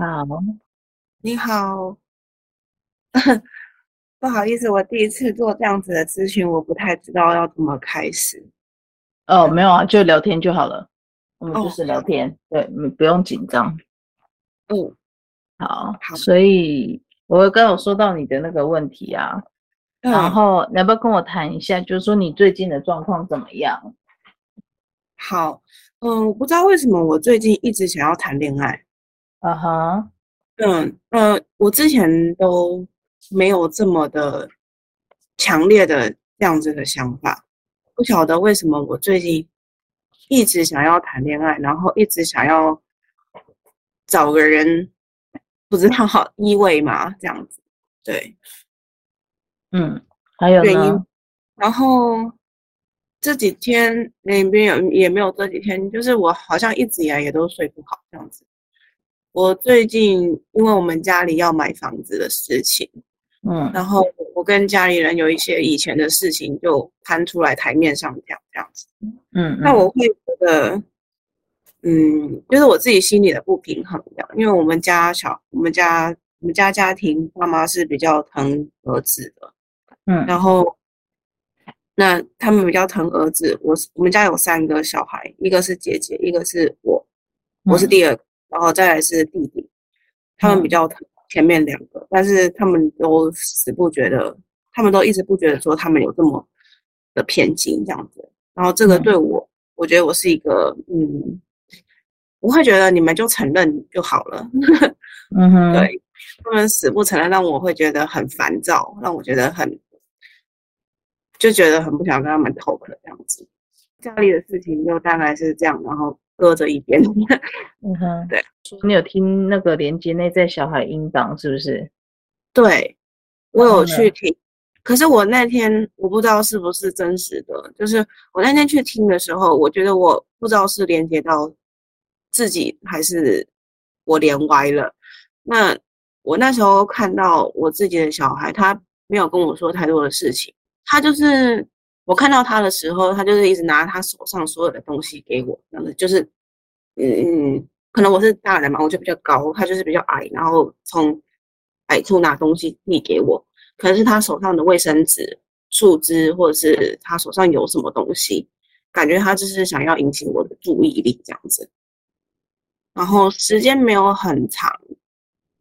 好，你好， 不好意思，我第一次做這樣子的諮詢，我不太知道要怎麼開始。哦，嗯、沒有啊，就聊天就好了，我們就是聊天，哦、對，你不用緊張。嗯，好，好，所以我剛有說到你的那個問題啊，嗯、然後你要不要跟我談一下，就是說你最近的狀況怎麼樣？好，嗯，我不知道為什麼我最近一直想要談戀愛。啊哈，uh huh. 嗯嗯、呃，我之前都沒有這麼的強烈的這樣子的想法，不曉得為什麼我最近一直想要談戀愛，然後一直想要找個人，不知道好意味嘛這樣子，對，嗯，還有呢，然後這幾天那邊也也沒有，沒有這幾天就是我好像一直以來也都睡不好這樣子。我最近因為我們家裡要買房子的事情，嗯，然後我跟家裡人有一些以前的事情就攤出來台面上講這樣子，嗯，那，嗯，我會覺得，嗯，就是我自己心裡的不平衡樣，因為，我們家小，我們家我們家家庭爸媽，媽是比較疼兒子的，嗯，然後，那他們比較疼兒子，我是我們家有三個小孩，一個是姐姐，一個是我，嗯、我是第二個。然後再來是弟弟，他們比較疼前面兩個，嗯、但是他們都死不覺得，他們都一直不覺得說他們有這麼的偏激這樣子。然後這個對我，嗯、我覺得我是一個，嗯，我會覺得你們就承認就好了。嗯哼， 對，他們死不承認讓我會覺得很煩躁，讓我覺得很就覺得很不想跟他們 talk 這樣子。家裡的事情就大概是這樣，然後。擱著一邊，你、嗯、哼對，你有聽那個連接內在小孩音檔是不是？對，我有去聽，Wow. 可是我那天我不知道是不是真實的，就是我那天去聽的時候，我覺得我不知道是連接到自己還是我連歪了。那我那時候看到我自己的小孩，他沒有跟我說太多的事情，他就是。我看到他的時候，他就是一直拿他手上所有的東西給我，這樣子就是，嗯，可能我是大人嘛，我就比較高，他就是比較矮，然後從矮處拿東西遞給我。可是他手上的衛生紙、樹枝，或者是他手上有什麼東西，感覺他就是想要引起我的注意力這樣子。然後時間沒有很長，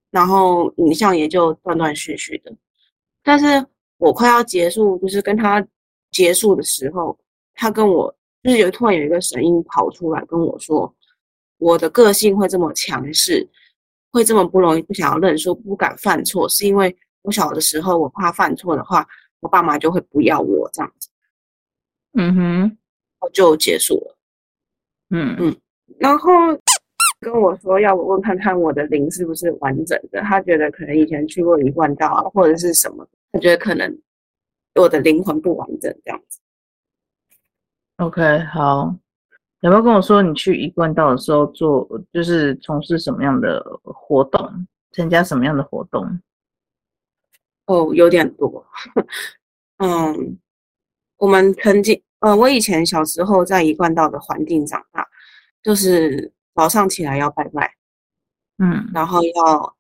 然後影像也就斷斷續續的。但是我快要結束，就是跟他。結束的時候，他跟我就是有突然有一個聲音跑出來跟我說：“我的個性會這麼強勢，會這麼不容易不想要認輸，不敢犯錯，是因為我小的時候我怕犯錯的話，我爸媽就會不要我這樣子。”嗯哼，然後就結束了。嗯嗯，然後跟我說要我問看看我的靈是不是完整的，他覺得可能以前去過一貫道啊，或者是什麼，他覺得可能。我的靈魂不完整，這樣子。OK，好。有沒有跟我說你去一貫道的時候做，就是從事什麼樣的活動，參加什麼樣的活動？哦，oh, 有點多。 嗯，我們曾經，呃、嗯，我以前小時候在一貫道的環境長大，就是早上起來要拜拜，嗯，然後要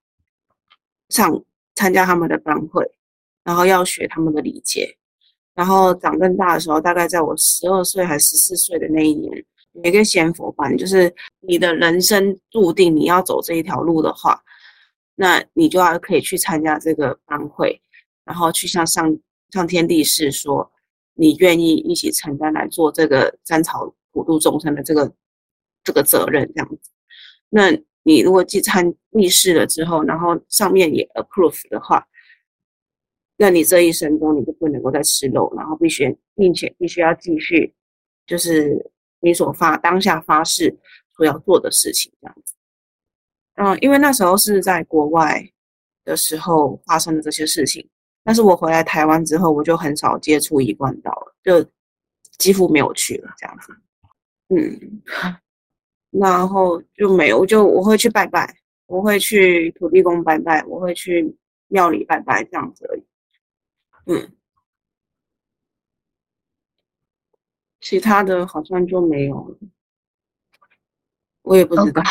上，參加他們的班會。然後要學他們的理解，然後長更大的時候，大概在我十二歲還十四歲的那一年，有一個仙佛班，就是你的人生注定你要走這一條路的話，那你就要可以去參加這個班會，然後去向上上天立誓說你願意一起承擔來做這個三朝普度眾生的這個這個責任這樣子。那你如果去參立誓了之後，然後上面也 approve 的話。那你這一生中你就不能夠再吃肉，然後必須並且必須要繼續，就是你所發當下發誓所要做的事情這樣子。嗯，因為那時候是在國外的時候發生的這些事情，但是我回來台灣之後，我就很少接觸一貫道了，就幾乎沒有去了這樣子。嗯，然後就沒有，我就我會去拜拜，我會去土地公拜拜，我會去廟裡拜拜這樣子而已。嗯，其他的好像就沒有了，我也不知道。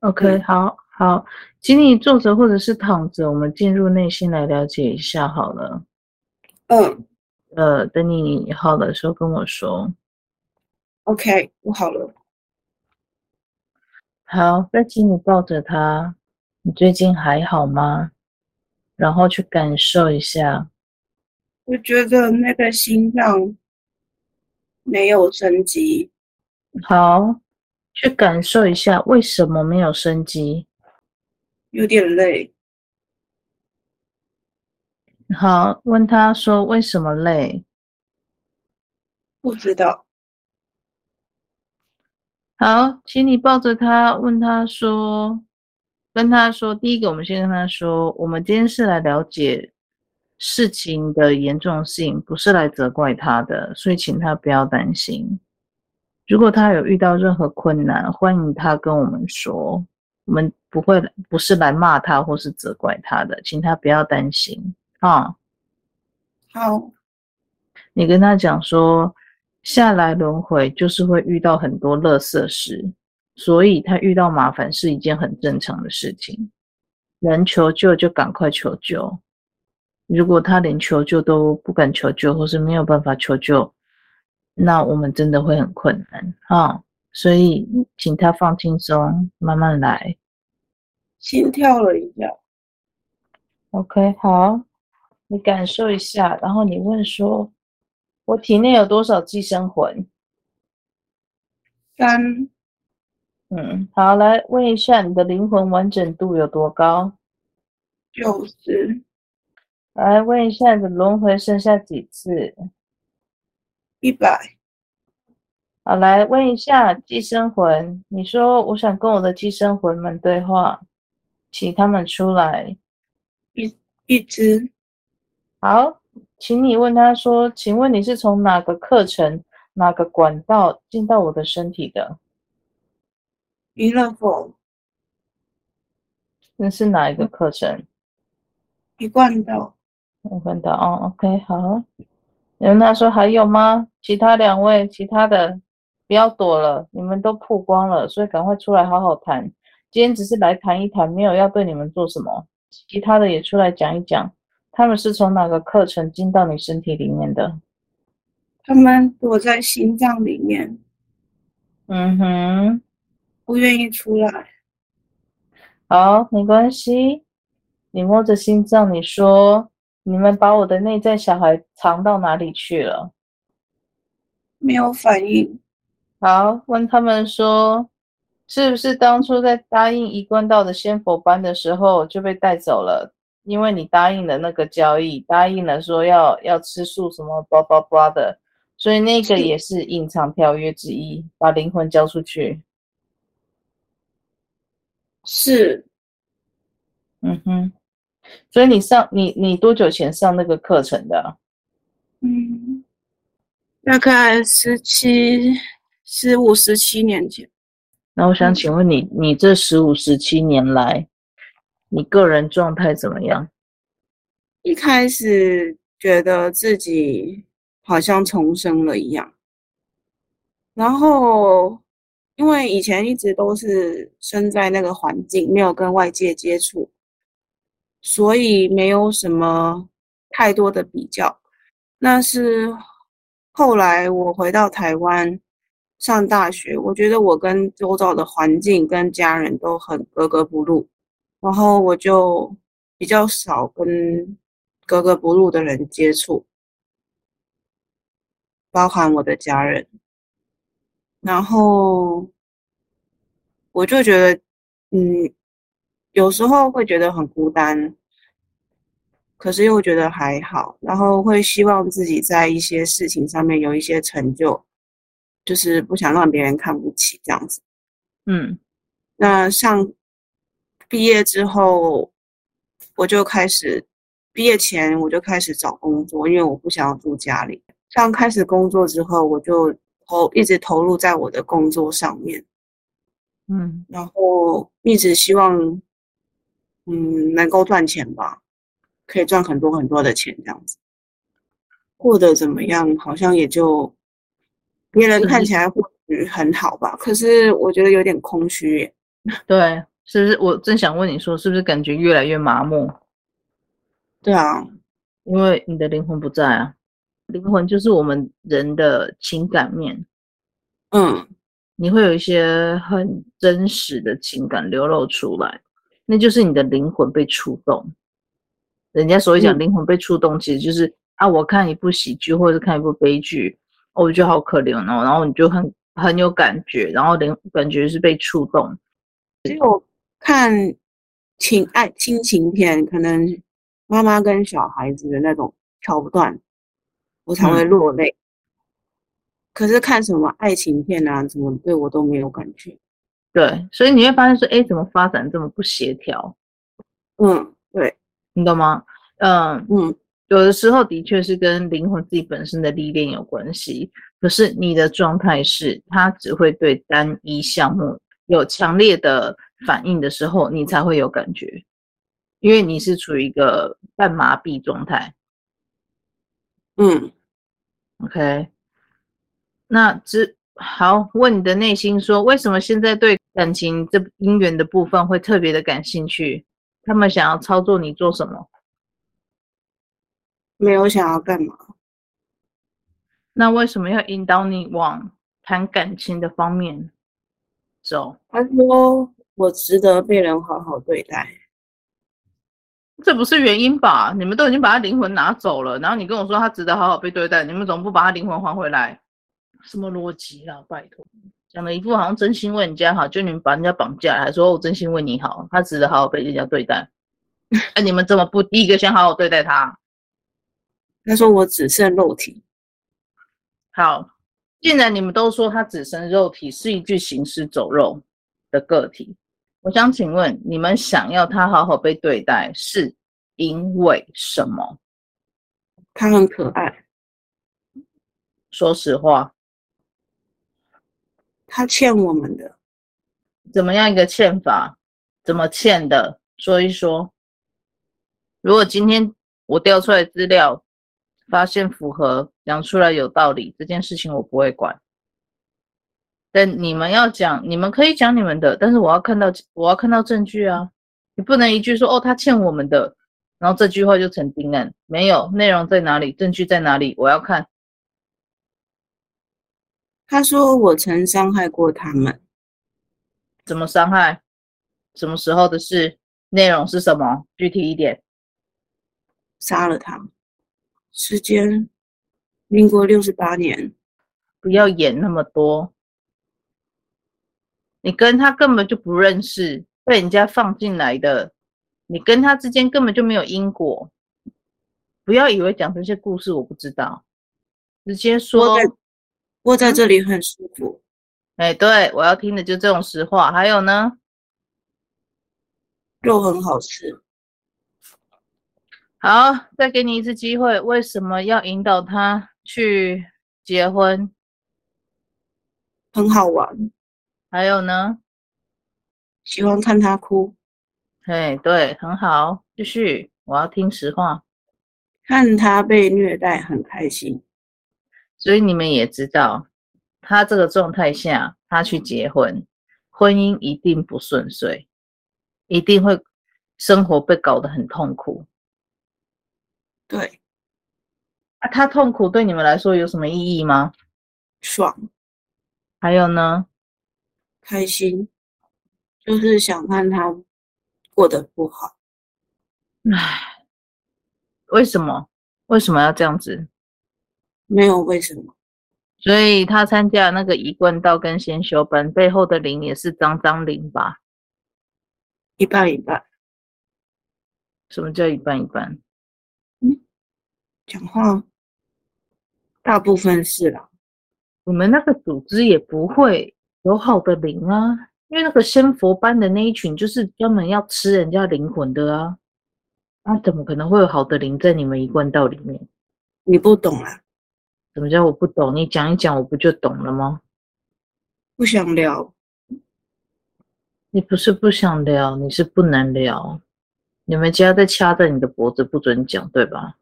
OK，okay，嗯，好，好，請你坐着或者是躺着，我們進入內心來了解一下好了。嗯，呃，等你好的時候跟我說。OK，我好了。好，再請你抱着他，你最近還好嗎？然後去感受一下。我覺得那個心臟沒有生機，好，去感受一下為什麼沒有生機，有點累。好，問他說為什麼累，不知道。好，請你抱着他，問他說，跟他說，第一個，我們先跟他說，我們今天是來了解。事情的嚴重性不是來責怪他的，所以請他不要擔心。如果他有遇到任何困難，歡迎他跟我們說，我們不會不是來罵他或是責怪他的，請他不要擔心啊。好，你跟他講說，下來輪回就是會遇到很多垃圾事，所以他遇到麻煩是一件很正常的事情。能求救就趕快求救。如果他連求救都不敢求救，或是沒有辦法求救，那我們真的會很困難，哈，所以請他放輕鬆，慢慢來。心跳了一下。OK，好，你感受一下，然後你問說：我體內有多少寄生魂？三。嗯，好，來問一下你的靈魂完整度有多高？九十、就是。來問一下你的輪回剩下幾次？一百。好，來問一下寄生魂，你說我想跟我的寄生魂們對話，請他們出來。一一隻。好，請你問他說，請問你是從哪個課程、哪個管道進到我的身體的？彌勒佛？那是哪一個課程？一貫道。我看到，哦，OK，好。你跟他說還有嗎？其他兩位，其他的不要躲了，你們都曝光了，所以趕快出來好好談。今天只是來談一談，沒有要對你們做什麼。其他的也出來講一講，他們是從哪個課程進到你身體裡面的？他們躲在心臟裡面。嗯哼，不願意出來。好，沒關係。你摸着心臟，你說。你們把我的內在小孩藏到哪裡去了？沒有反應。好，問他們說，是不是當初在答應一貫道的仙佛班的時候就被帶走了？因為你答應了那個交易，答應了說要要吃素什麼吧吧吧的，所以那個也是隱藏條約之一，嗯、把靈魂交出去。是。嗯哼。所以你上你你多久前上那個課程的？嗯，大概十七、十五、十七年前。那我想請問你，嗯、你這十五、十七年來，你個人狀態怎麼樣？一開始覺得自己好像重生了一樣，然後因為以前一直都是身在那個環境，沒有跟外界接觸。所以沒有什麼太多的比較，那是後來我回到台灣上大學，我覺得我跟周遭的環境跟家人都很格格不入，然後我就比較少跟格格不入的人接觸，包含我的家人，然後我就覺得，嗯。有時候會覺得很孤單，可是又覺得還好，然後會希望自己在一些事情上面有一些成就，就是不想讓別人看不起這樣子。嗯，那像畢業之後，我就開始畢業前我就開始找工作，因為我不想要住家裡。像開始工作之後，我就投一直投入在我的工作上面，嗯，然後一直希望。嗯，能夠賺錢吧，可以賺很多很多的錢，這樣子。過得怎麼樣？好像也就別人看起來或許很好吧，嗯、可是我覺得有點空虛。對，是不是？我正想問你說，是不是感覺越來越麻木？對啊，因為你的靈魂不在啊。靈魂就是我們人的情感面。嗯，你會有一些很真實的情感流露出來。那就是你的靈魂被觸動。人家所謂講靈魂被觸動，其實就是、嗯、啊，我看一部喜劇或者是看一部悲劇，我覺得好可憐哦，然後你就很很有感覺，然後靈感覺是被觸動。只有我看情愛親情、情片，可能媽媽跟小孩子的那種橋段，我才會落淚。嗯、可是看什麼愛情片啊，怎麼對我都沒有感覺？對，所以你會發現說，哎，怎麼發展這麼不協調？嗯，對，你懂嗎？嗯嗯，有的時候的確是跟靈魂自己本身的歷練有關係。可是你的狀態是，它只會對單一項目有強烈的反應的時候，你才會有感覺，因為你是處於一個半麻痹狀態。嗯，OK，那只好問你的內心說，為什麼現在對？感情這姻緣的部分會特別的感興趣？他們想要操作你做什麼？沒有想要幹嘛？那為什麼要引導你往談感情的方面走？他說我值得被人好好對待，這不是原因吧？你們都已經把他靈魂拿走了，然後你跟我說他值得好好被對待，你們怎麼不把他靈魂還回來？什麼邏輯啦，啊，拜托！講了一副好像真心為人家好，就你們把人家綁架，還說我真心為你好，他值得好好被人家對待。 哎，你們怎麼不第一個先好好對待他？他說我只剩肉體。好，既然你們都說他只剩肉體，是一具行屍走肉的個體，我想請問你們想要他好好被對待，是因為什麼他很可愛。嗯，說實話。他欠我們的，怎麼樣一個欠法？怎麼欠的？說一說。如果今天我調出來資料，發現符合，講出來有道理，這件事情我不會管。但你們要講，你們可以講你們的，但是我要看到，我要看到證據啊！你不能一句說哦，他欠我們的，然後這句話就成定案。沒有，內容在哪裡？證據在哪裡？我要看。他說：“我曾傷害過他們，怎麼傷害？什麼時候的事？內容是什麼？具體一點。”殺了他們。時間，民國六十八年。不要演那麼多。你跟他根本就不認識，被人家放進來的。你跟他之間根本就沒有因果。不要以為講這些故事我不知道，直接說。窩在這裡很舒服，哎，對，我要聽的就這種實話。還有呢？肉很好吃。好，再給你一次機會，為什麼要引導他去結婚？很好玩。還有呢？喜歡看他哭。哎，對，很好，繼續，我要聽實話。看他被虐待很開心。所以你們也知道，他這個狀態下，他去結婚，婚姻一定不順遂，一定會生活被搞得很痛苦。對。啊，他痛苦對你們來說有什麼意義嗎？爽，還有呢？開心，就是想看他過得不好。唉，為什麼？為什麼要這樣子？沒有為什麼，所以他參加那個一貫道跟先修班背後的靈也是髒髒靈吧？一半一半，什麼叫一半一半？嗯，講話，大部分是啦。你們那個組織也不會有好的靈啊，因為那個仙佛班的那一群就是專門要吃人家靈魂的啊，那怎麼可能會有好的靈在你們一貫道裡面？你不懂啊。什麼叫我不懂？你講一講，我不就懂了嗎？不想聊。你不是不想聊，你是不能聊。你們家在掐着你的脖子，不准講，對吧？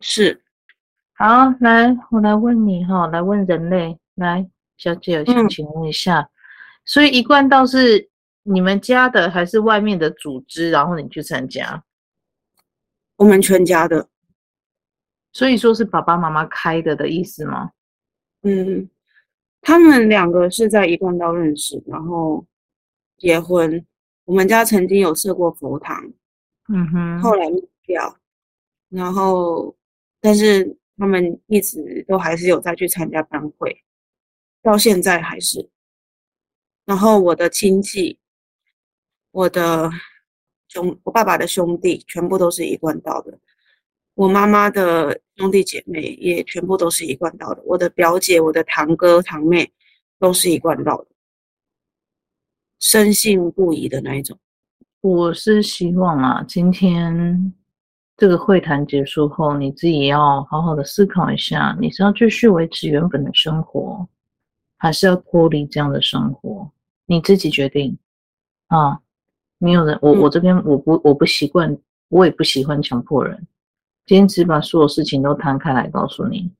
是。好，來，我來問你哈，來問人類，來，小姐，我想請問一下，嗯、所以一貫道是你們家的，還是外面的組織，然後你去參加？我們全家的。所以說是爸爸媽媽開的的意思嗎？嗯，他們兩個是在一貫道認識，然後結婚。我們家曾經有設過佛堂，嗯哼，後來滅掉。然後，但是他們一直都還是有再去參加班會，到現在還是。然後我的親戚，我的兄，我爸爸的兄弟，全部都是一貫道的。我媽媽的兄弟姐妹也全部都是一貫道的，我的表姐、我的堂哥、堂妹都是一貫道的，深信不疑的那一種。我是希望啊，今天這個會談結束後，你自己要好好的思考一下，你是要繼續維持原本的生活，還是要脫離這樣的生活，你自己決定。啊，沒有人，嗯、我我這邊我不我不習慣，我也不喜歡強迫人。堅持把所有事情都攤開來告訴你，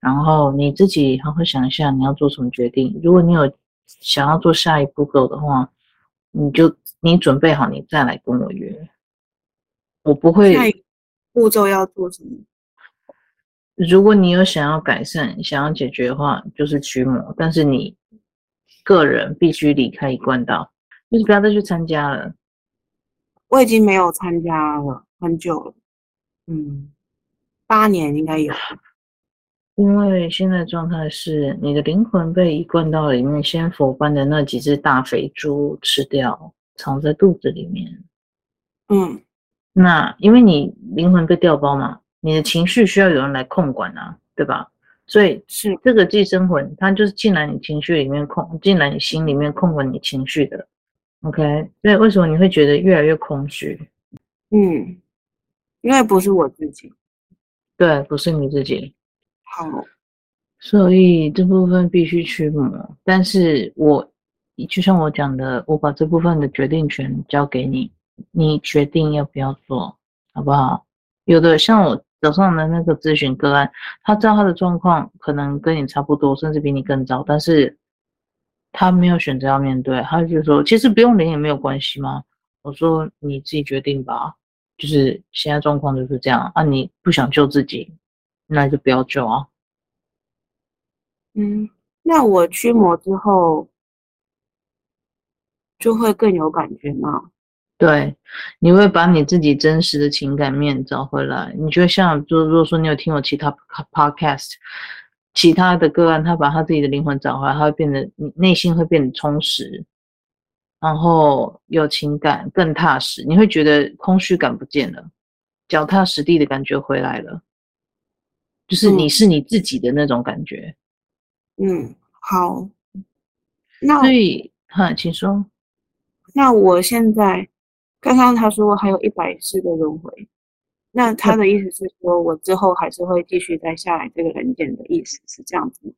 然後你自己好好想一下你要做什麼決定。如果你有想要做下一步驟的話，你就你準備好，你再來跟我約。我不會。步驟要做什麼？如果你有想要改善、想要解決的話，就是驅魔。但是你個人必須離開一貫道，就是不要再去參加了。我已經沒有參加了很久了。嗯，八年應該有，因為現在狀態是你的靈魂被一貫到裡面，先佛般的那幾隻大肥豬吃掉，藏在肚子裡面。嗯，那因為你靈魂被調包嘛，你的情緒需要有人來控管啊，對吧？所以是這個寄生魂，它就是進來你情緒裡面控，進來你心裡面控管你情緒的。OK，所以為什麼你會覺得越來越空虛？嗯。因為不是我自己，對，不是你自己，好、嗯，所以這部分必須驅魔。但是我，就像我講的，我把這部分的決定權交給你，你決定要不要做，好不好？有的像我早上的那個諮詢個案，他知道他的狀況可能跟你差不多，甚至比你更糟，但是他沒有選擇要面對，他就說，其實不用連也沒有關係嘛。」我說，你自己決定吧。就是現在狀況就是這樣啊！你不想救自己，那就不要救啊。嗯，那我驅魔之後就會更有感覺嗎？對，你會把你自己真實的情感面找回來。你就像，就如果說你有聽過其他 podcast，其他的個案，他把他自己的靈魂找回來，他會變得，內心會變得充實。然後有情感，更踏實，你會覺得空虛感不見了，腳踏實地的感覺回來了，就是你是你自己的那種感覺。嗯，嗯，好。那所以哈，嗯，請說。那我現在剛剛他說還有一百世的輪迴，那他的意思是說我之後還是會繼續再下來這個人間的意思是這樣子嗎？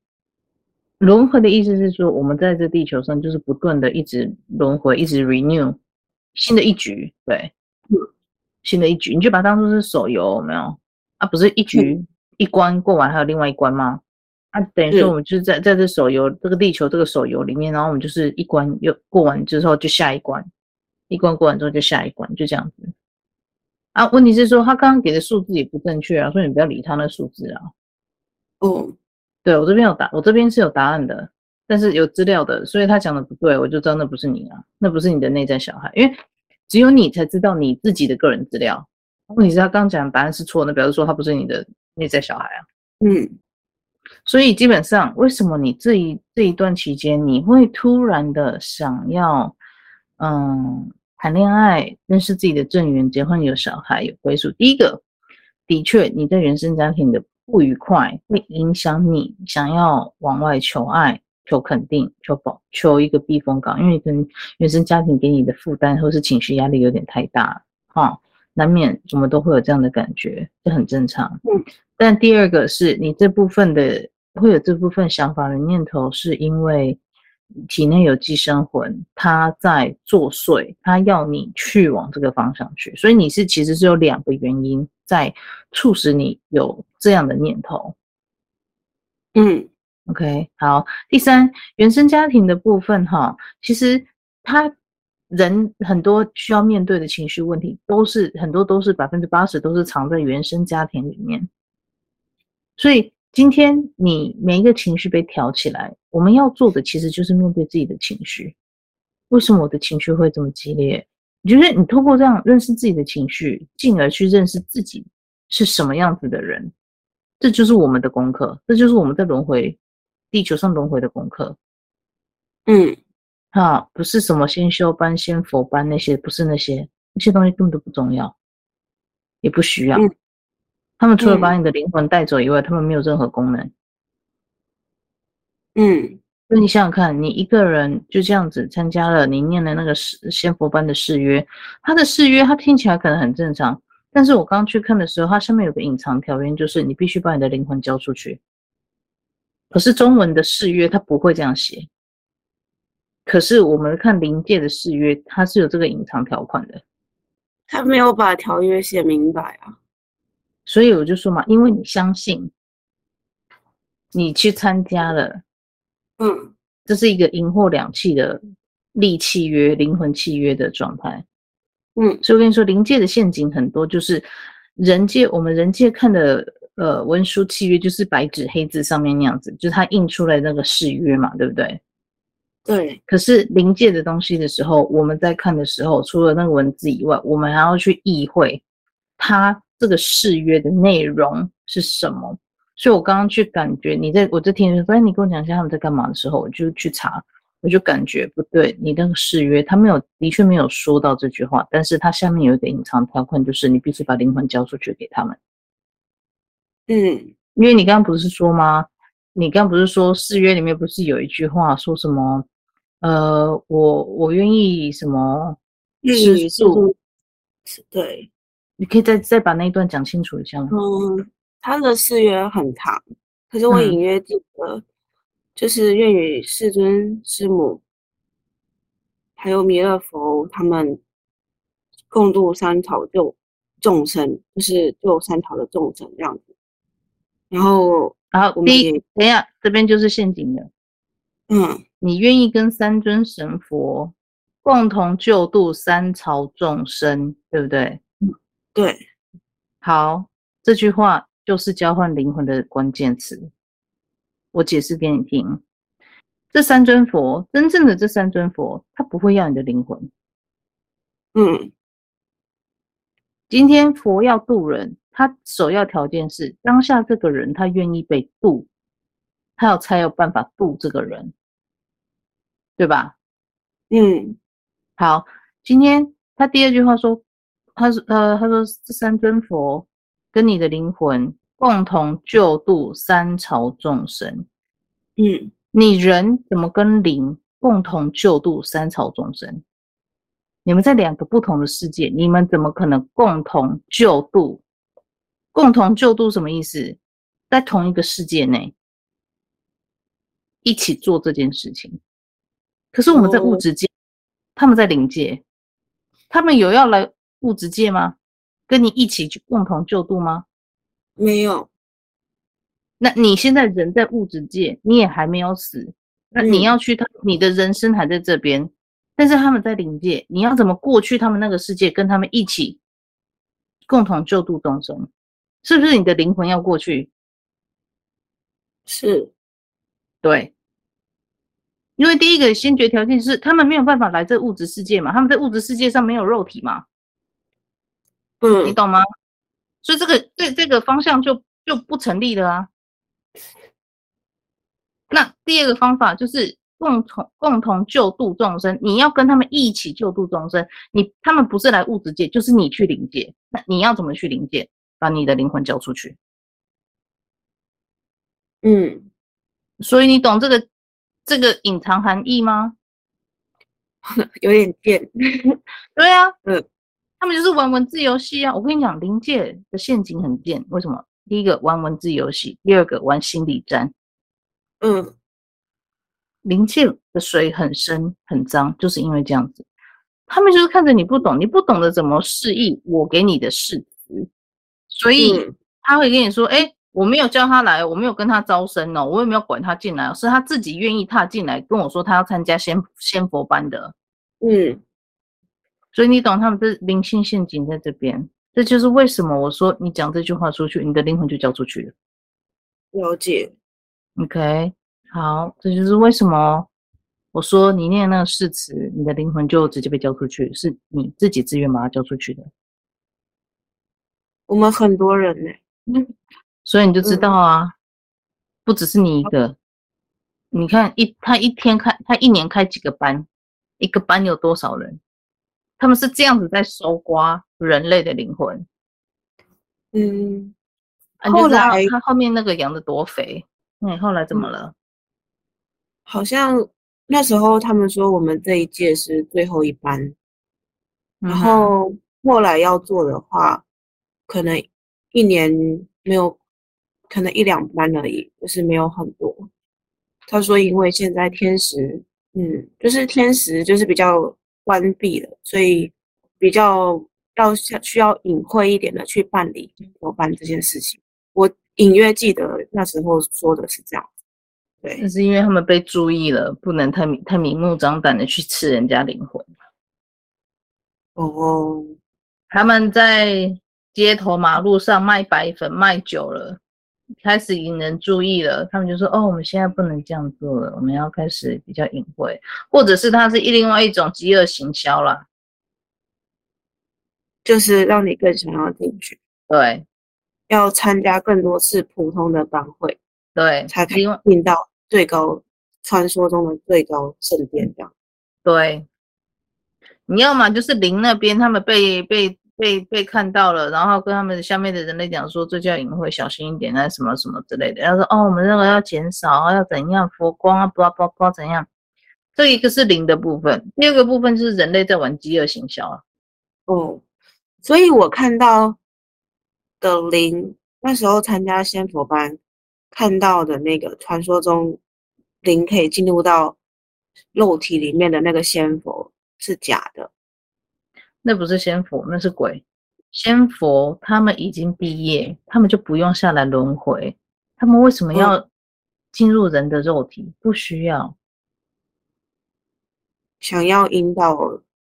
輪回的意思是說，我們在這地球上就是不斷的一直輪回，一直 renew 新的一局，對，嗯、新的一局，你就把它當做是手遊，有沒有啊？不是一局、嗯、一關過完還有另外一關嗎？啊，等於說我們就在是在在這手遊這個地球這個手遊裡面，然後我們就是一關又過完之後就下一關，一關過完之後就下一關，就這樣子。啊，問題是說他剛剛給的數字也不正確啊，所以你不要理他那數字啊。哦、嗯。對我這邊有答，我這邊是有答案的，但是有資料的，所以他講的不對，我就知道那不是你啊，那不是你的內在小孩，因為只有你才知道你自己的個人資料。如果你是，他剛講的答案是錯的，那表示說他不是你的內在小孩啊。嗯，所以基本上，為什麼你這一這一段期間，你會突然的想要，嗯，談戀愛，認識自己的正緣，結婚有小孩有歸屬？第一個，的確你在原生家庭的。不愉快會影響你想要往外求愛、求肯定、求保、求一個避風港，因為你可能原生家庭給你的負擔或是情緒壓力有點太大了哈，哦，難免怎麼都會有這樣的感覺，這很正常。嗯，但第二個是你這部分的會有這部分想法的念頭，是因為體內有寄生魂，他在作祟，他要你去往這個方向去，所以你是其實是有兩個原因，在促使你有這樣的念頭，嗯，OK，好。第三，原生家庭的部分哈，其實他人很多需要面對的情緒問題，都是很多都是百分之八十都是藏在原生家庭裡面。所以今天你每一個情緒被挑起來，我們要做的其實就是面對自己的情緒。為什麼我的情緒會這麼激烈？就是你通過這樣認識自己的情緒，進而去認識自己是什麼樣子的人，這就是我們的功課，這就是我們在輪迴，地球上輪迴的功課。嗯，好、啊，不是什麼先修班、先佛班那些，不是那些，那些東西根本都不重要，也不需要。嗯。他們除了把你的靈魂帶走以外，他們沒有任何功能。嗯。嗯那你想想看，你一個人就這樣子參加了，你唸了那個釋仙佛班的誓約，他的誓約他聽起來可能很正常，但是我剛去看的時候，他上面有個隱藏條約，就是你必須把你的靈魂交出去。可是中文的誓約他不會這樣寫，可是我們看靈界的誓約，他是有這個隱藏條款的，他沒有把條約寫明白啊。所以我就說嘛，因為你相信，你去參加了。嗯，這是一個銀貨兩訖的立契約、靈魂契約的狀態。嗯，所以我跟你說，靈界的陷阱很多，就是人界，我們人界看的呃文書契約，就是白紙黑字上面那樣子，就是它印出來那個誓約嘛，對不對？對。可是靈界的東西的時候，我們在看的時候，除了那個文字以外，我們還要去意會它這個誓約的內容是什麼。所以我剛剛去感覺你在我在聽，反正你跟我講一下他們在幹嘛的時候，我就去查，我就感覺不對。你那個誓約，他沒有，的確沒有說到這句話，但是他下面有一個隱藏條款，就是你必須把靈魂交出去給他們。嗯，因為你剛剛不是說嗎？你剛剛不是說誓約裡面不是有一句話說什麼？呃，我我願意什麼？吃素？對。你可以再再把那一段講清楚一下嗎？嗯。他的誓約很長，可是我隱約記得，嗯、就是願與世尊師母，還有彌勒佛他們共度三朝就眾生，就是救三朝的眾生這樣子。然後，然後第一，等一下，這邊就是陷阱了。嗯，你願意跟三尊神佛共同救度三朝眾生，對不對？嗯、對。好，這句話。就是交換靈魂的關鍵詞，我解釋給你聽。這三尊佛，真正的這三尊佛，他不會要你的靈魂。嗯，今天佛要度人，他首要條件是當下這個人他願意被度，他要才有辦法度這個人，對吧？嗯，好。今天他第二句話說，他說，呃，他說這三尊佛跟你的靈魂。共同救度三曹眾生。嗯，你人怎麼跟靈共同救度三曹眾生？你們在兩個不同的世界，你們怎麼可能共同救度？共同救度什麼意思？在同一個世界內一起做這件事情。可是我們在物質界，哦、他們在靈界，他們有要來物質界嗎？跟你一起去共同救度嗎？沒有，那你現在人在物質界，你也還沒有死，嗯，那你要去他，你的人生還在這邊，但是他們在靈界，你要怎麼過去他們那個世界，跟他們一起共同救度眾生？是不是你的靈魂要過去？是，對，因為第一個先決條件是他們沒有辦法來這物質世界嘛，他們在物質世界上沒有肉體嘛，嗯，你懂嗎？所以這個對這個方向就就不成立了啊。那第二個方法就是共同共同救度眾生，你要跟他們一起救度眾生。你他們不是來物質界，就是你去靈界。那你要怎麼去靈界？把你的靈魂交出去。嗯，所以你懂這個這個隱藏含義嗎？ 有點變。 對啊。嗯。他們就是玩文字遊戲啊！我跟你講，靈界的陷阱很賤，為什麼？第一個玩文字遊戲，第二個玩心理戰。嗯，靈界的水很深很髒，就是因為這樣子。他們就是看着你不懂，你不懂得怎麼示意我給你的示詞，所以、嗯、他會跟你說：“哎、欸，我沒有叫他來，我沒有跟他招生哦，我也沒有管他進來，是他自己願意踏進來跟我說他要參加仙仙佛班的。”嗯。所以你懂他們的靈性陷阱在這邊，這就是為什麼我說你講這句話出去，你的靈魂就交出去了。了解，OK，好，這就是為什麼我說你念那個誓詞，你的靈魂就直接被交出去，是你自己自願把它交出去的。我們很多人呢、欸，所以你就知道啊，嗯、不只是你一個。嗯、你看一他一天開，他一年開幾個班？一個班有多少人？他們是這樣子在搜刮人類的靈魂，嗯，啊、後來他後面那個養的多肥，嗯，後來怎麼了？好像那時候他們說我們這一屆是最後一班，嗯、哼然後後來要做的話，可能一年沒有，可能一兩班而已，就是沒有很多。他說因為現在天時，嗯，就是天時就是比較。關閉了，所以比較要需要隱晦一點的去辦理、我辦這件事情。我隱約記得那時候說的是這樣，對，那是因為他們被注意了，不能太明太明目張膽的去吃人家靈魂。哦，oh. 他們在街頭馬路上賣白粉賣久了。開始引人注意了，他們就說：“哦，我們現在不能這樣做了，我們要開始比較隱晦，或者是它是一另外一種飢餓行銷了，就是讓你更想要進去。對，要參加更多次普通的班會，對，才可以進到最高，傳說中的最高聖殿這樣。對，你要嘛就是靈那邊他們被被。”被被看到了，然後跟他們下面的人類講說，這叫隱晦，小心一點啊，什麼什麼之類的。他說，哦，我們認為要減少，要怎樣，佛光啊，不要不要不要怎樣。這一個是靈的部分，第二個部分就是人類在玩飢餓行銷啊。哦，所以我看到的靈，那時候參加仙佛班看到的那個傳說中靈可以進入到肉體裡面的那個仙佛是假的。那不是仙佛，那是鬼。仙佛他們已經畢業，他們就不用下來輪迴。他們為什麼要進入人的肉體？哦，不需要。想要引導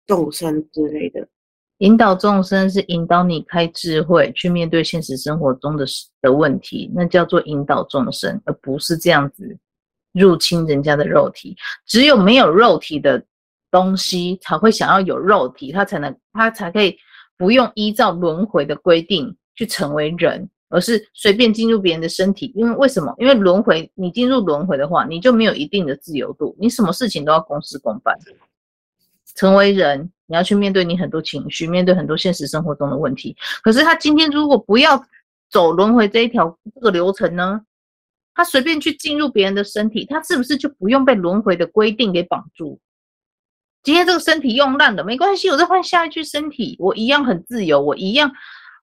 眾生之類的，引導眾生是引導你開智慧，去面對現實生活中的的問題，那叫做引導眾生，而不是這樣子入侵人家的肉體。只有沒有肉體的。東西才會想要有肉體，他才能他才可以不用依照輪迴的規定去成為人，而是隨便進入別人的身體。因為為什麼？因為輪迴，你進入輪迴的話，你就沒有一定的自由度，你什麼事情都要公事公辦。成為人，你要去面對你很多情緒，面對很多現實生活中的問題。可是他今天如果不要走輪迴這一條這個流程呢？他隨便去進入別人的身體，他是不是就不用被輪迴的規定給綁住？今天這個身體用爛了，沒關係，我再換下一具身體，我一樣很自由，我一樣，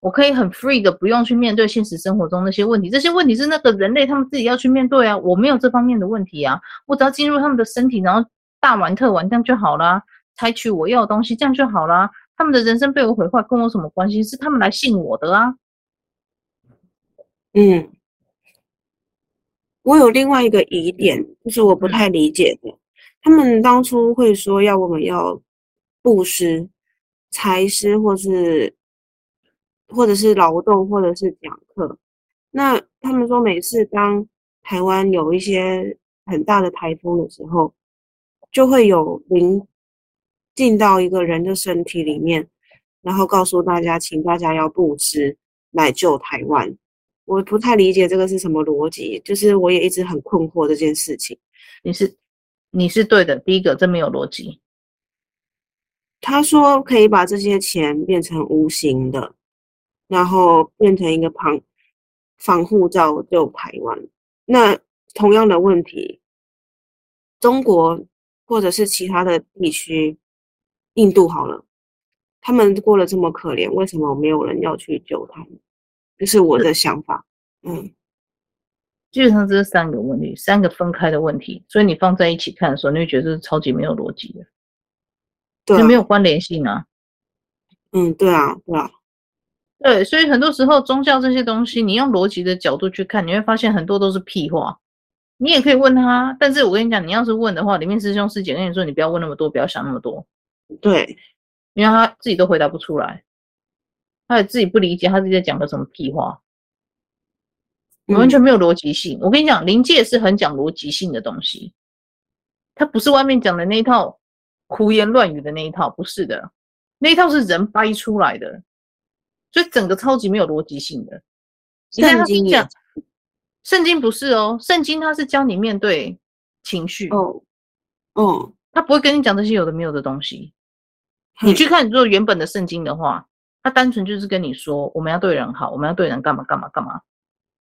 我可以很 free 的，不用去面對現實生活中那些問題。這些問題是那個人類他們自己要去面對啊，我沒有這方面的問題啊，我只要進入他們的身體，然後大玩特玩，這樣就好了，採取我要的東西，這樣就好了。他們的人生被我毀壞，跟我有什麼關係？是他們來信我的啊。嗯，我有另外一個疑點，就是我不太理解的。嗯他們當初會說要我們要布施、財施，或是或者是勞動，或者是講課。那他們說，每次當台灣有一些很大的颱風的時候，就會有靈進到一個人的身體裡面，然後告訴大家，請大家要布施來救台灣。我不太理解這個是什麼邏輯，就是我也一直很困惑這件事情。你是？你是對的，第一個，這沒有邏輯。他說可以把這些錢變成無形的，然後變成一個防防護罩救台灣。那同樣的問題，中國或者是其他的地區，印度好了，他們過得這麼可憐，為什麼沒有人要去救他們？這，就是我的想法，嗯。嗯基本上這是三個問題，三個分開的問題，所以你放在一起看的時候，你會覺得這是超級沒有邏輯的，對啊，就沒有關聯性啊。嗯，對啊，對啊，對，所以很多時候宗教這些東西，你用邏輯的角度去看，你會發現很多都是屁話。你也可以問他，但是我跟你講，你要是問的話，裡面師兄師姐跟你說，你不要問那麼多，不要想那麼多。對，因為他自己都回答不出來，他也自己不理解他自己在講個什麼屁話。完全沒有邏輯性。嗯、我跟你講，靈界是很講邏輯性的東西，它不是外面講的那一套胡言亂語的那一套，不是的，那一套是人掰出來的，所以整個超級沒有邏輯性的。你看他跟你講，聖經不是哦，聖經它是教你面對情緒，哦，哦，他不會跟你講這些有的沒有的東西。是你去看如果原本的聖經的話，他單純就是跟你說，我們要對人好，我們要對人幹嘛幹嘛幹嘛。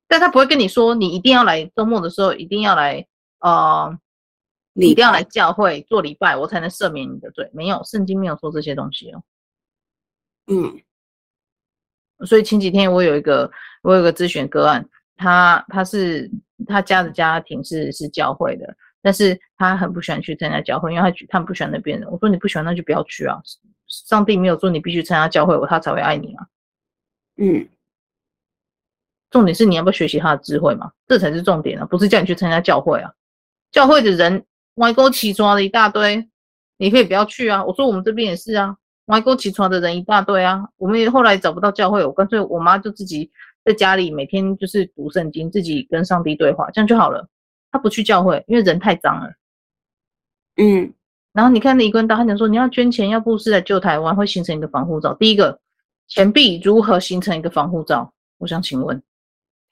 但他不會跟你說，你一定要來周末的時候一定要來，呃，你一定要來教會禮拜做禮拜，我才能赦免你的罪。沒有，聖經沒有說這些東西哦。嗯。所以前幾天我有一個我有一個諮詢個案，他他是他家的家庭是是教會的，但是他很不喜歡去參加教會，因為他去他不喜歡那邊的。我說你不喜歡那就不要去啊，上帝沒有說你必須參加教會，我他才會愛你啊。嗯。重點是你要不要學習他的智慧嘛？這才是重點啊，不是叫你去參加教會啊。教會的人歪哥七扯的一大堆，你可以不要去啊。我說我們這邊也是啊，歪哥七扯的人一大堆啊。我們也後來也找不到教會，我干脆我媽就自己在家裡每天就是讀聖經，自己跟上帝對話，這樣就好了。他不去教會，因為人太髒了。嗯，然後你看那一個大漢他講說你要捐錢，要布施來救台灣，會形成一個防護罩。第一個錢幣如何形成一個防護罩？我想請問。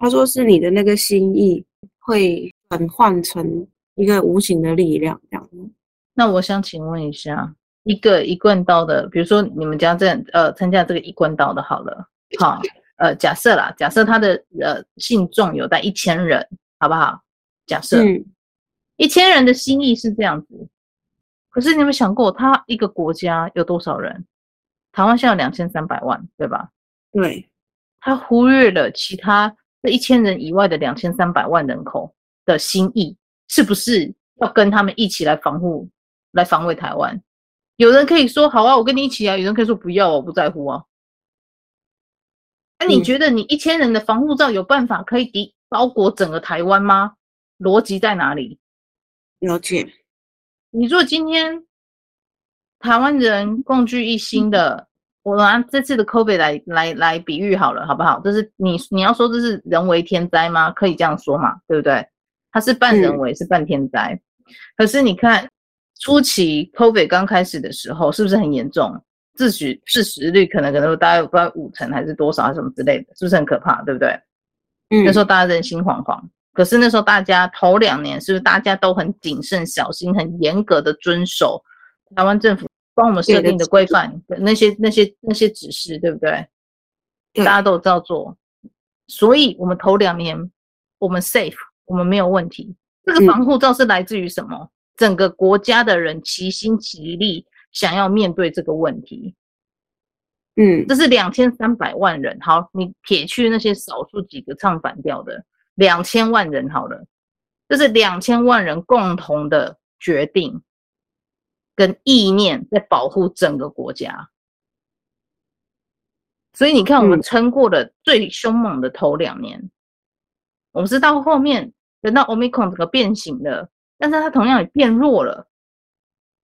他說是你的那個心意會轉換成一個無形的力量的。那我想請問一下，一個一貫道的，比如說你們家這呃參加這個一貫道的，好了，好，呃，假設啦，假設他的呃信眾有在一千人，好不好？假設是一千人的心意是這樣子，可是你有沒有想過他一個國家有多少人？台灣現在有兩千三百萬，對吧？對，他忽略了其他。這一千人以外的兩千三百萬人口的心意，是不是要跟他們一起來防護、來防衛台灣？有人可以說：“好啊，我跟你一起啊。”有人可以說：“不要，我不在乎啊。啊”那你覺得你一千人的防護罩有辦法可以抵、嗯、包裹整個台灣嗎？邏輯在哪裡？邏輯、了解，你說今天台灣人共聚一心的。嗯我拿這次的 COVID 來來來比喻好了，好不好？就是你你要說這是人為天災嗎？可以這樣說嘛，對不對？它是半人為，嗯、是半天災。可是你看初期 COVID 剛開始的時候，是不是很嚴重？致死、致死率可能可能大概不知道五成還是多少還是什麼之類的，是不是很可怕？對不對？嗯、那時候大家人心惶惶。可是那時候大家頭兩年是不是大家都很謹慎、小心、很嚴格的遵守台灣政府？幫我們設定的規範。對，那些那些那些指示，對不對？嗯、大家都照做，所以我們頭兩年我們 safe，我們沒有問題。這個防護罩是來自於什麼？嗯、整個國家的人齊心齊力想要面對這個問題。嗯，這是兩千三百萬人。好，你撇去那些少數幾個唱反調的，兩千萬人好了，這是兩千萬人共同的決定。跟意念在保護整個國家，所以你看，我們撐過了最兇猛的頭兩年，嗯、我們是到後面等到 Omicron 整個變形了，但是它同樣也變弱了，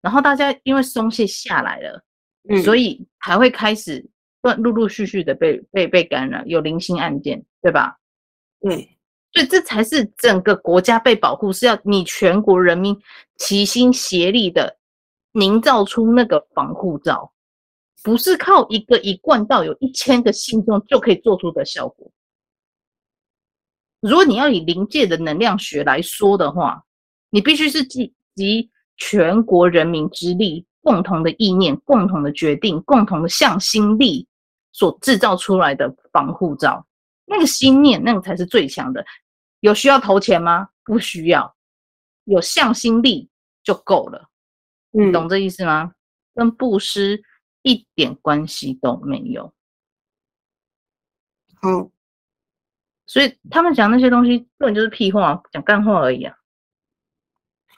然後大家因為鬆懈下來了，嗯、所以才會開始斷陸陸續續的被被被感染，有零星案件，對吧？對、嗯，所以這才是整個國家被保護是要你全國人民齊心協力的。凝造出那個防護罩，不是靠一個一貫道有一千個信眾就可以做出的效果。如果你要以靈界的能量學來說的話，你必須是集集全國人民之力，共同的意念、共同的決定、共同的向心力所制造出來的防護罩。那個心念，那個才是最強的。有需要投錢嗎？不需要，有向心力就夠了。你懂這意思嗎？嗯、跟布施一點關係都沒有。好、嗯，所以他們講那些東西根本就，就是屁話，講幹話而已啊！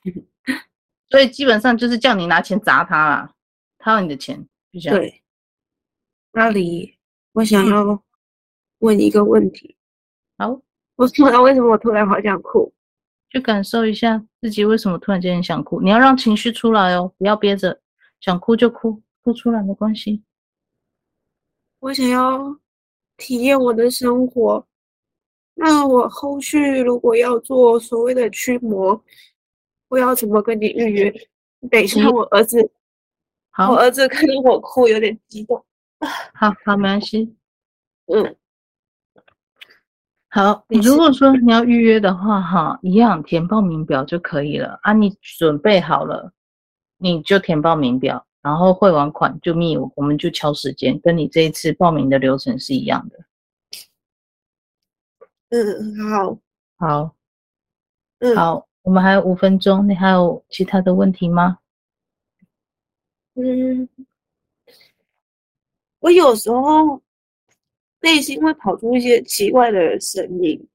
呵呵，所以基本上就是叫你拿錢砸他啦，掏你的錢，就這樣。對，阿狸，我想要問一個問題。嗯、好，我不知道為什麼我突然好想哭。 去感受一下自己為什麼突然間很想哭，你要讓情緒出來哦，不要憋着，想哭就哭，哭出來沒關係。我想要體驗我的生活，那我後續如果要做所謂的驅魔，我要怎麼跟你預約？等一下，我兒子，嗯、好，我兒子看到我哭有點激動，好好沒關係。嗯。好，你如果說你要預約的話，哈，一樣填報名表就可以了啊。你準備好了，你就填報名表，然後匯完款就密，我們就敲時間，跟你這一次報名的流程是一樣的。嗯，好，好，嗯，好，我們還有五分鐘，你還有其他的問題嗎？嗯，我有時候。內心會跑出一些奇怪的聲音，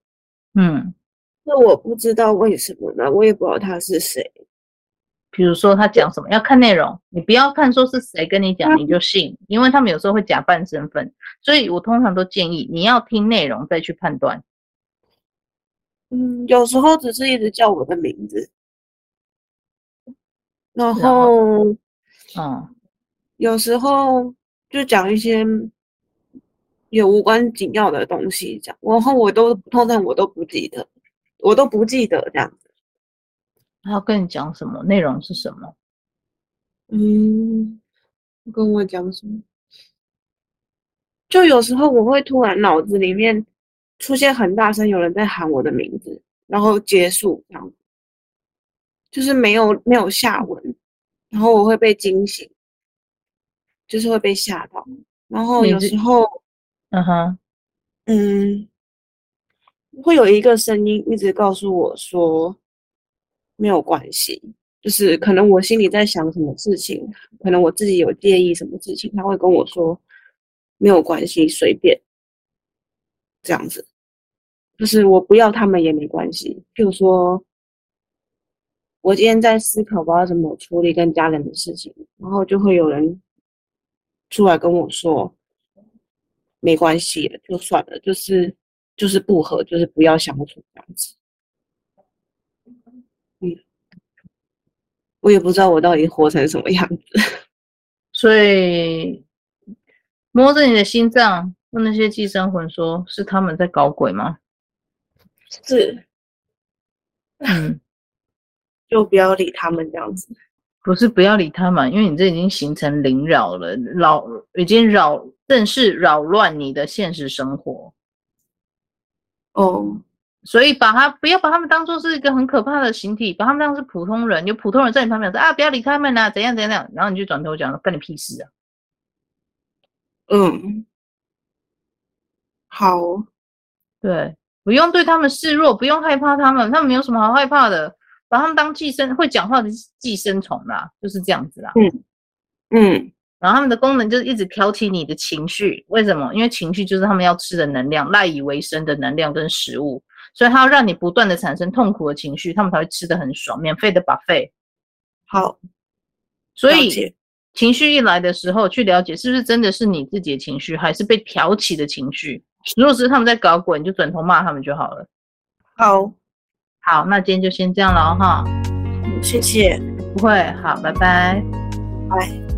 嗯，那我不知道為什麼呢，我也不知道他是誰。比如說他講什麼對要看內容，你不要看說是誰跟你講他你就信，因為他們有時候會假扮身份，所以我通常都建議你要聽內容再去判斷。嗯，有時候只是一直叫我的名字，然後，然後嗯，有時候就講一些。也無關緊要的東西講，然後我都通常我都不記得，我都不記得這樣子。他要跟你講什麼內容是什麼？嗯，跟我講什麼？就有時候我會突然腦子裡面出現很大聲，有人在喊我的名字，然後結束，這樣子就是沒有沒有下文，然後我會被驚醒，就是會被嚇到，然後有時候。嗯哼，uh huh. 嗯，會有一個聲音一直告訴我說沒有關係，就是可能我心裡在想什麼事情，可能我自己有介意什麼事情，他會跟我說沒有關係，隨便這樣子，就是我不要他們也沒關係。譬如說，我今天在思考我要怎麼處理跟家人的事情，然後就會有人出來跟我說。沒關係，就算了，就是就是不合，就是不要相處這樣子。嗯，我也不知道我到底活成什麼樣子。所以摸着你的心臟，問那些寄生魂說，說是他們在搞鬼嗎？是。嗯， 就不要理他們這樣子。不是不要理他嘛，因為你這已經形成靈擾了，擾已經擾，正式擾亂你的現實生活。哦，所以把他，不要把他們當作是一個很可怕的形體，把他們當作是普通人，有普通人在你旁邊說啊，不要理他們吶、啊，怎樣，怎樣怎樣，然後你就轉頭講了，關你屁事啊。嗯，好，對，不用對他們示弱，不用害怕他們，他們沒有什麼好害怕的。把他們當寄生，會講話的寄生蟲啦，就是這樣子啦。嗯嗯，嗯然後他們的功能就是一直挑起你的情緒，為什麼？因為情緒就是他們要吃的能量，賴以為生的能量跟食物，所以他要讓你不斷的產生痛苦的情緒，他們才會吃得很爽，免費的 buffet。好，所以情緒一來的時候，去了解是不是真的是你自己的情緒，還是被挑起的情緒？如果是他們在搞鬼，你就轉頭罵他們就好了。好。好，那今天就先這樣了哈，謝謝，不會，好，拜拜，拜。